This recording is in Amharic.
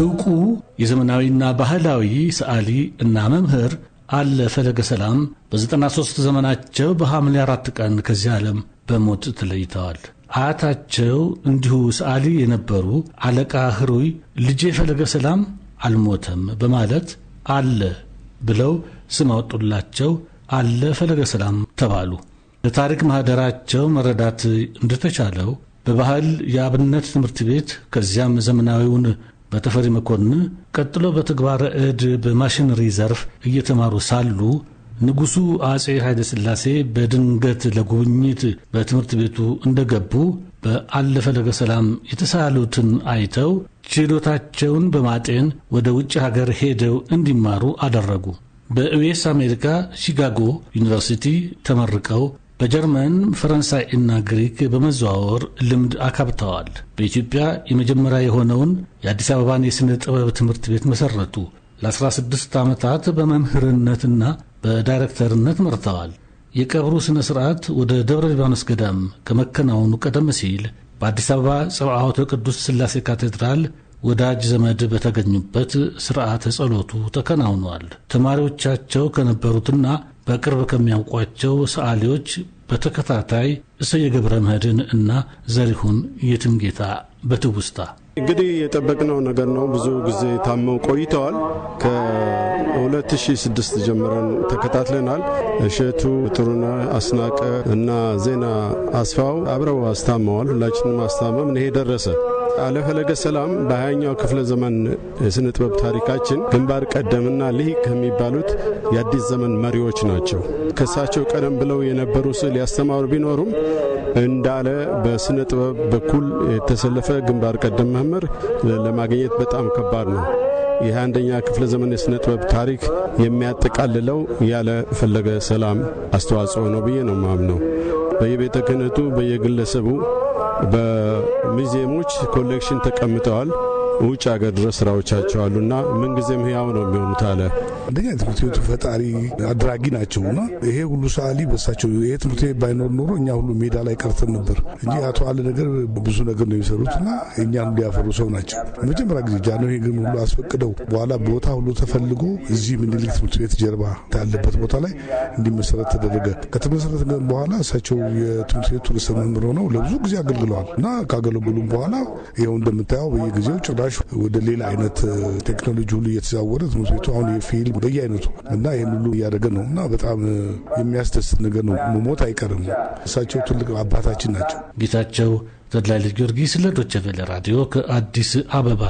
እውቁ የዘመናዊና ባህላዊ ሰዓሊ እና መምህር አለ ፈለገ ሰላም በ93 ዘመናቸው በሐምሌ አራት ቀን ከዚህ ዓለም በሞት ተለይተዋል። አያታቸው እንዲሁ ሰዓሊ የነበሩ አለቃ ህሩይ ልጄ ፈለገ ሰላም አልሞተም በማለት አለ ብለው ስም አወጡላቸው። አለ ፈለገ ሰላም ተባሉ። ለታሪክ ማኅደራቸው መረዳት እንደተቻለው በባህል የአብነት ትምህርት ቤት ከዚያም ዘመናዊውን በተፈሪ መኮንን ቀጥሎ በተግባረ ዕድ በማሽነሪ ዘርፍ እየተማሩ ሳሉ ንጉሡ አጼ ኃይለሥላሴ በድንገት ለጉብኝት በትምህርት ቤቱ እንደገቡ በአለፈ ሰላም የተሳሉትን አይተው ችሎታቸውን በማጤን ወደ ውጭ ሀገር ሄደው እንዲማሩ አደረጉ። በዩኤስ አሜሪካ ሺካጎ ዩኒቨርሲቲ ተመርቀው በጀርመን፣ ፈረንሳይ እና ግሪክ በመዘዋወር ልምድ አካብተዋል። በኢትዮጵያ የመጀመሪያ የሆነውን የአዲስ አበባን የሥነ ጥበብ ትምህርት ቤት መሠረቱ። ለ16 ዓመታት በመምህርነትና በዳይሬክተርነት መርተዋል። የቀብሩ ሥነ ሥርዓት ወደ ደብረ ሊባኖስ ገዳም ከመከናወኑ ቀደም ሲል በአዲስ አበባ ጸብዓወተ ቅዱስ ሥላሴ ካቴድራል ወዳጅ ዘመድ በተገኙበት ሥርዓተ ጸሎቱ ተከናውኗል። ተማሪዎቻቸው ከነበሩትና በቅርብ ከሚያውቋቸው ሰዓሊዎች በተከታታይ እሰየ ገብረ መድኅን እና ዘሪሁን ጌታ በትውስታ እንግዲህ የጠበቅነው ነገር ነው። ብዙ ጊዜ ታመው ቆይተዋል። ከ2006 ጀምረን ተከታትለናል። እሸቱ ጥሩነ፣ አስናቀ እና ዜና አስፋው አብረው አስታመዋል። ሁላችንም አስታመም። ይሄ ደረሰ። አለፈለገ ሰላም በሀያኛው ክፍለ ዘመን የስነ ጥበብ ታሪካችን ግንባር ቀደምና ልህ ከሚባሉት የአዲስ ዘመን መሪዎች ናቸው። ከእሳቸው ቀደም ብለው የነበሩ ስዕል ያስተማሩ ቢኖሩም እንዳለ በስነ ጥበብ በኩል የተሰለፈ ግንባር ቀደም መምህር ለማግኘት በጣም ከባድ ነው። ይህ አንደኛ ክፍለ ዘመን የስነ ጥበብ ታሪክ የሚያጠቃልለው ያለ ፈለገ ሰላም አስተዋጽኦ ነው ብዬ ነው ማምነው። በየቤተ ክህነቱ በየግለሰቡ በሚዚየሞች ኮሌክሽን ተቀምጠዋል። ውጭ ሀገር ድረስ ስራዎቻቸው አሉና ምንጊዜም ህያው ነው የሚሆኑት አለ። አንደኛ ትምህርት ቤቱ ፈጣሪ አድራጊ ናቸው እና ይሄ ሁሉ ሰዓሊ በሳቸው ይሄ ትምህርት ቤት ባይኖር ኖሮ እኛ ሁሉ ሜዳ ላይ ቀርተን ነበር እንጂ አቶ አለ ነገር ብዙ ነገር ነው የሚሰሩት እና እኛን እንዲያፈሩ ሰው ናቸው። መጀመሪያ ጊዜ ጃንሆይ ግን ሁሉ አስፈቅደው በኋላ ቦታ ሁሉ ተፈልጎ እዚህ ምኒልክ ትምህርት ቤት ጀርባ ያለበት ቦታ ላይ እንዲመሰረት ተደረገ። ከተመሰረት ግን በኋላ እሳቸው የትምህርት ቤቱ ርዕሰ መምህር ሆነው ለብዙ ጊዜ አገልግለዋል እና ካገለገሉም በኋላ ይኸው እንደምታየው በየጊዜው ጭራሽ ወደ ሌላ አይነት ቴክኖሎጂ ሁሉ እየተዛወረ ትምህርት ቤቱ አሁን የፊልም በየአይነቱ እና ይህን ሁሉ እያደረገ ነው እና በጣም የሚያስደስት ነገር ነው። መሞት አይቀርም። እሳቸው ትልቅ አባታችን ናቸው። ጌታቸው ተድላይ ልጅ ጊዮርጊስ ለዶቸቬለ ራዲዮ ከአዲስ አበባ